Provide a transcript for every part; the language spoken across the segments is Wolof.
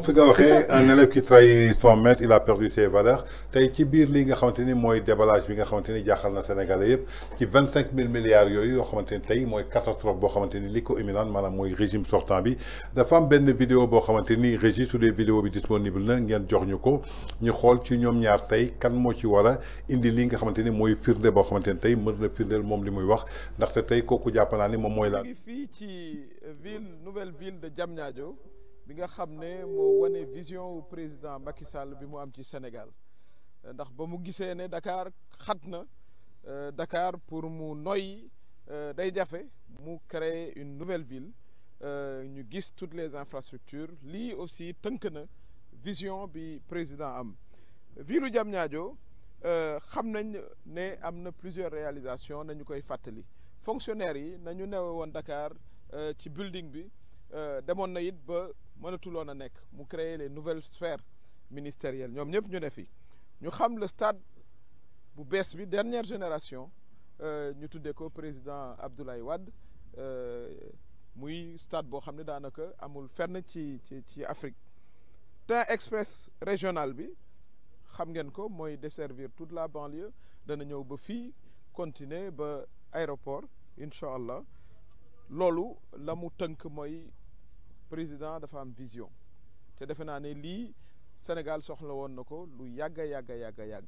comme fi un élève qui trahit son maître il a perdu ses valeurs tay ci bir li nga xamanteni moy déballage bi nga xamanteni ni na Sénégalais yépp ci 25 cinq milliards yoyu yo xamanteni tay moy catastrophe bo xamanteni liko li ko imminent maanaam mooy régime sortant bi dafa am ben vidéo bo xamanteni ni régie su dee vidéo bi disponible na ngeen jox ñu ko ñu xol ci ñom ñaar tay kan mo ci war indi li nga xamanteni moy mooy firnde boo xamante ni tey mën na firndeel moom li muy wax ndax tay koku jàpp mom moy moom mooy la. fii ci ville nouvelle ville de Diamniadio bi nga xam ne moo wane vision wu président Macky Sall bi mu am ci Sénégal euh, ndax ba mu gisee ne Dakar xat na euh, Dakar pour mu noyyi euh, day jafe mu créer une nouvelle ville ñu gis toutes les infrastructures lii aussi tënk na vision bi président am ville u Diamniadio xam nañ ne am na plusieurs réalisations nañu koy fàttali fonctionnaires yi nañu newe woon Dakar ci building bi demoon na it ba mënatuloon a nekk mu créer les nouvelles sphères ministérielles ñoom ñëpp ñu ne fi ñu xam le stade bu bees bi dernière génération euh, ñu tuddee ko président Abdoulaye Wade euh, muy stade boo xam ne daanaka amul fenn ci ci ci Afrique train express régional bi xam ngeen ko mooy desservir toute la banlieue dana ñëw ba fii continuer ba aéroport incha allah loolu la mu tënk président dafa am vision té défé na né li Sénégal soxla woon na lu yagga yagga yagga a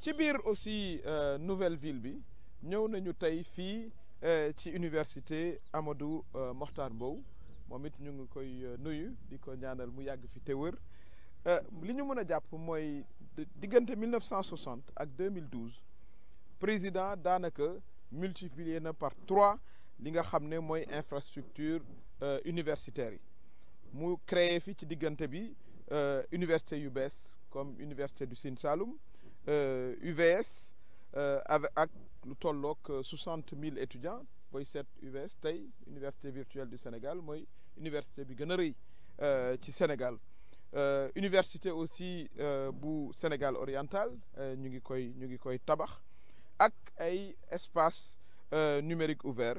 ci bir aussi euh, nouvelle ville bi ñew nañu fi euh, ci université Amadou euh, Mokhtar Mbow momit ñu ngi koy euh, nuyu diko ñaanal mu yàgg fi te wër li ñu mëna japp moy digënté 1960 ak 2012 président danaka multiplier na par trois li nga xamné moy infrastructure euh, universitaires Nous avons créé fi ci bi euh, université UBS comme université du sint Saloum UVS euh, avec 60 lu étudiants boy set UVS tay université virtuelle du Sénégal moy université bi gëna reuy Sénégal université aussi du Sénégal oriental ñu ngi koy ñu ngi koy espace numérique ouvert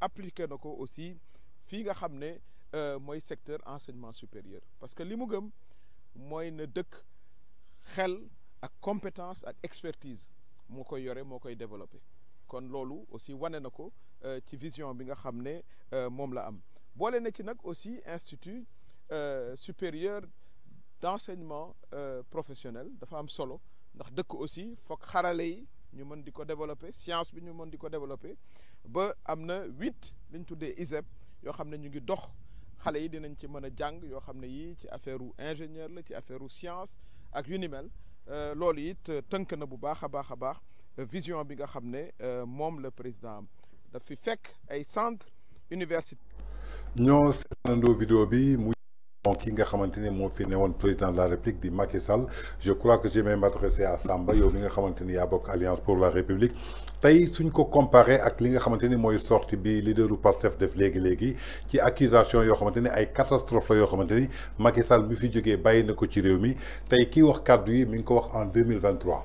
appliquer nako aussi fi nga xamné euh moy secteur enseignement supérieur parce que limu gëm moy ne dëkk xel ak compétence ak expertise moko koy yore moo koy kon lolu aussi wané nako ko euh, ci vision bi nga xamné euh mom la am bolé na ci nak aussi institut euh, supérieur d'enseignement euh, professionnel dafa am solo ndax dëkk aussi foog xaralé yi ñu mën diko développer science bi ñu mën diko développer ba am na huit li ISEP yoo xam ñu ngi dox xale yi dinañ ci mën a jàng yoo xam ci affaire ingénieur la ci affaire science ak yu ni euh, loolu it euh, na bu a euh, vision bi nga xam président daf fi fekk ay centre université ñoo vidéo bi ki nga xamante mon moo fi newoon président de la république di Macky Sall je crois que j'ai même adressé à Samba yow mi nga xamante à yaa alliance pour la république Tay, suñ ko comparer ak li nga xamante ni mooy sortie bi leaderu Pastef def léegi légui ci accusation Yo xamante ni ay catastrophe Yo yoo Macky Sall mi fi jógee bàyyi ko ci mi tey kii wax cadre yi mi en 2023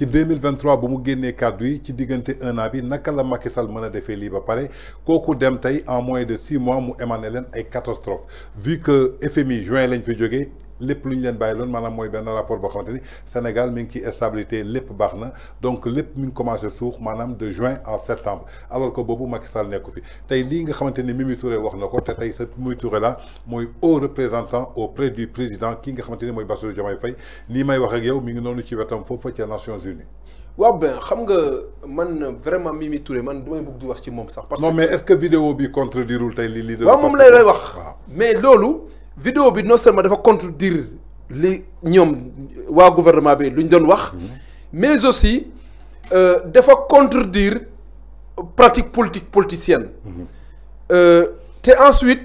ci 2023 bu mu génnee kàddu yi ci diggante un an bi naka la Macky Sall a defee lii ba pare kooku dem tey en moins de six mois mu émané leen ay catastrophe vu que FMI juin lañ fi jógee lépp lu ñu leen bàyyi loon maanaam mooy benn rapport boo xamante ni Sénégal mi ngi ci stabilité lépp baax na donc lépp mi ngi commencé suux maanaam de juin en septembre alors que boobu Macky Sall nekku fi tey lii nga xamante ni Mimi Touré wax na ko te tey sa Mimi Touré la mooy haut représentant auprès du président ki nga xamante ni mooy Bassirou Diomaye Faye ni may wax ak yow mi ngi noonu ci wetam foofu ca Nations Unies. waaw ben xam nga man vraiment Mimi Touré man du may bëgg di wax ci moom sax. parce que non mais est-ce que vidéo bi contredire tey li li. waaw moom lay lay wax mais loolu vidéo bi non seulement dafa contredire li ñom wa gouvernement bi luñ doon wax mais aussi euh, dafa contredire pratique politique politicienne euh, té ensuite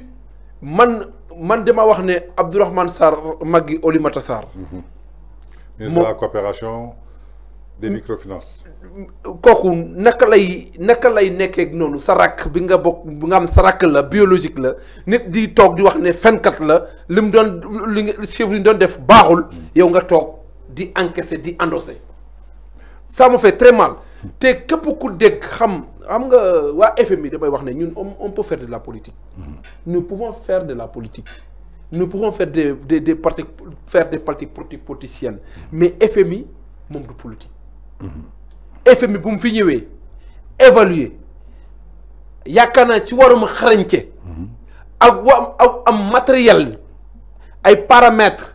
man man dama wax né Abdourahmane Sarr Magui Oulimata Sarr mhm. ministre la coopération des microfinances. kooku nakalay, nakalay naka nonu sarak binga sa rakk bi nga la biologique la nit di tok di wax ne fenkat la lim doon chef li doon def baaxul yow nga tok di encaisser di endosser ça me fait très mal té képp ku dégg xam xam nga wa FMI damay wax ne ñun on peut faire de la politique mm-hmm. nous pouvons faire de la politique nous pouvons faire des des des parti faire des politiques politiciennes mm-hmm. mais FMI membre politique FMI bu mu fi ñëwee évaluer yaakaar naa ci waruma xarañce ak wa am matériel ay paramètres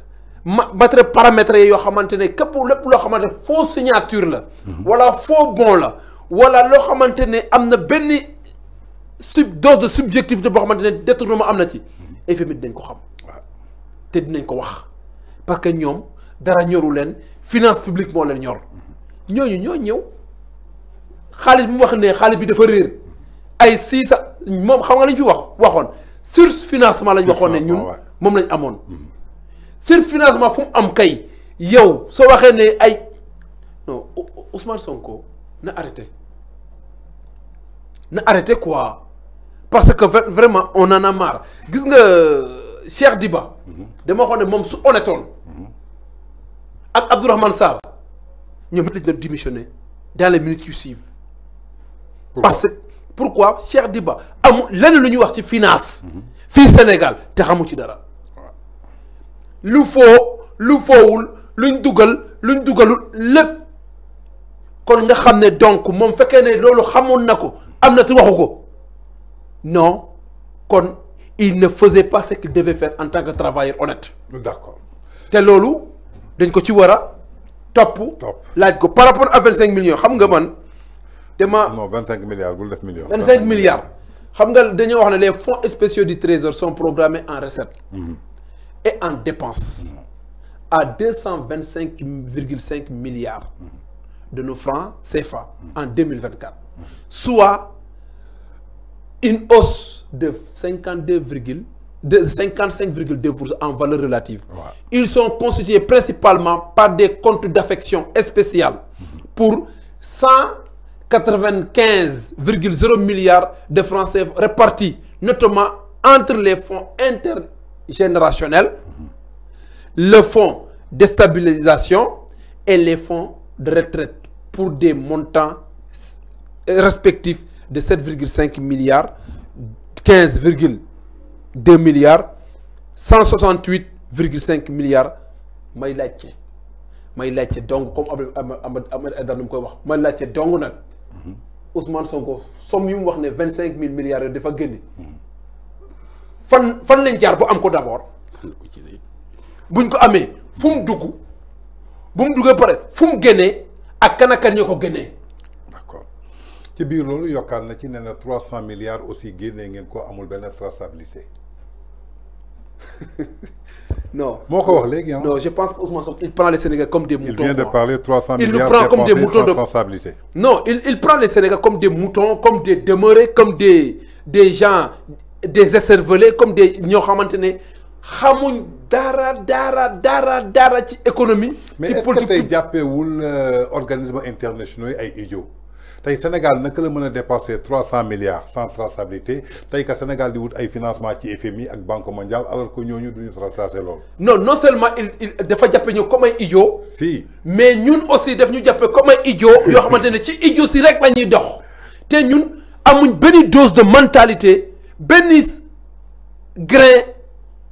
matériel paramètres yoo xamante ne képp lépp loo xamante ne faux signature la wala foo bon la wala loo xamante ne am na benn sub dose de subjectivité boo xamante ne détournement am na ci FMI dinañ ko xam te dinañ ko wax parce que ñoom dara ñoru leen finance publique moo leen ñor ñooñu ñoo ñëw xaalis bi mu wax ne xaalis bi dafa réer ay moom nga lañ fi wax waxoon financement lañ waxoon ñun lañ mm-hmm. am kay yow non Ousmane Sonko na arrêté na arrêté quoi parce que vraiment on en a marre gis nga euh, Cheikh Diba mm-hmm. dama waxoon ne su honnêtoon mm-hmm. ak Abdourahmane Sarr ñoom it dans les minutes qui suivent. parce que pourquoi cher Diba amul lenn lu wax ci finance. Mhm. fin Sénégal te xamu ci dara. lu foo lu foowul luñ dugal luñ dugalul lépp kon nga xam donc moom fekkee ne loolu xamoon na ko non kon il ne faisait pas ce qu'il devait faire en tant que travailleur honnête. d'accord te lolo? dañ ko ci wara, par rapport à 25 millions non 25 milliards 25 milliards les fonds spéciaux du trésor sont programmés en recettes mhm. et en dépenses à 225,5 milliards de nos francs CFA en 2024 mhm. soit une hausse de 52, de 55,2% en valeur relative. Ils sont constitués principalement par des comptes d'affection spéciales pour 195,0 milliards de francs répartis, notamment entre les fonds intergénérationnels, le fonds de stabilisation et les fonds de retraite pour des montants respectifs de 7,5 milliards, milliards. 2 milliards, 168,5 milliards, may laccé may laccé donc comme Ahmed Ahmed Edar nim koy wax may laccé donc nak mhm. Ousmane Sonko somme yum wax né 25 milliards da fa guéné mhm. fan fan lañ jaar bu am ko d'abord buñ ko amé fum duggu bu mu duggé fum guéné ak kanaka ñoko guéné ci biir loolu yokkaat na ci nee na 300 milliards aussi génnee ngeen ko amul benn traçabilité non. Légui, hein. Non, je pense qu'Ousmane Sonko, il prend les Sénégalais comme des moutons. Il vient de parler 300 il milliards nous prend comme des moutons de responsabilité. Non, il, il, prend les Sénégalais comme des moutons, comme des demeurés, comme des, des gens, des esservelés, comme des ignorants xamuñ dara dara dara dara ci économie. mais est-ce que tey jàppeewul euh, organisme internationaux yi ay tey Sénégal naka la dépasser 300 milliards sans traçabilité tey que Sénégal di wut ay financement ci FMI ak Banque mondiale alors que ñooñu duñu tracer loolu. non non seulement il il dafa jàppe ñu comme un idiot. si mais nous aussi daf ñu jàppe comme un idiot yoo xamante ne ci idiot si rek la Et dox te ñun amuñ dose de mentalité benn grain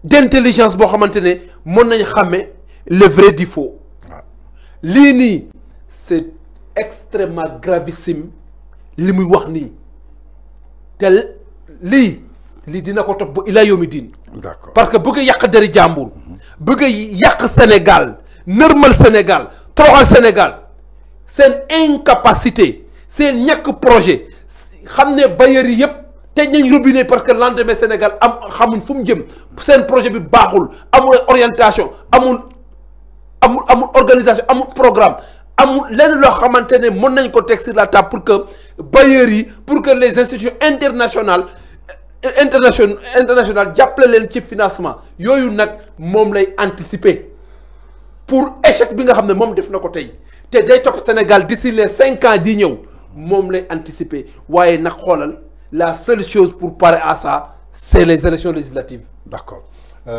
d'intelligence pour maintenir ne nañ le vrai du faux c'est extrêmement gravissime ce qu'il wax nii dina parce que si tu veux deri si vous tu veux Sénégal tropal Sénégal c'est Sénégal une incapacité c'est un projet xam ne yep parce que lendemain Sénégal am xamun fum projet bi orientation amul amul amul organisation mon programme amul lenn loo xamante ne mën ko teg sur la table pour que Bayeri pour que les institutions internationales euh, internationales internationales jàppale leen ci financement yooyu nak, mom lay anticiper pour échec bi nga xam de moom def na déjà tey day Sénégal d'ici les cinq ans di ñëw moom lay anticiper waaye nag la seule chose pour parer à ça c'est les élections législatives d'accord euh...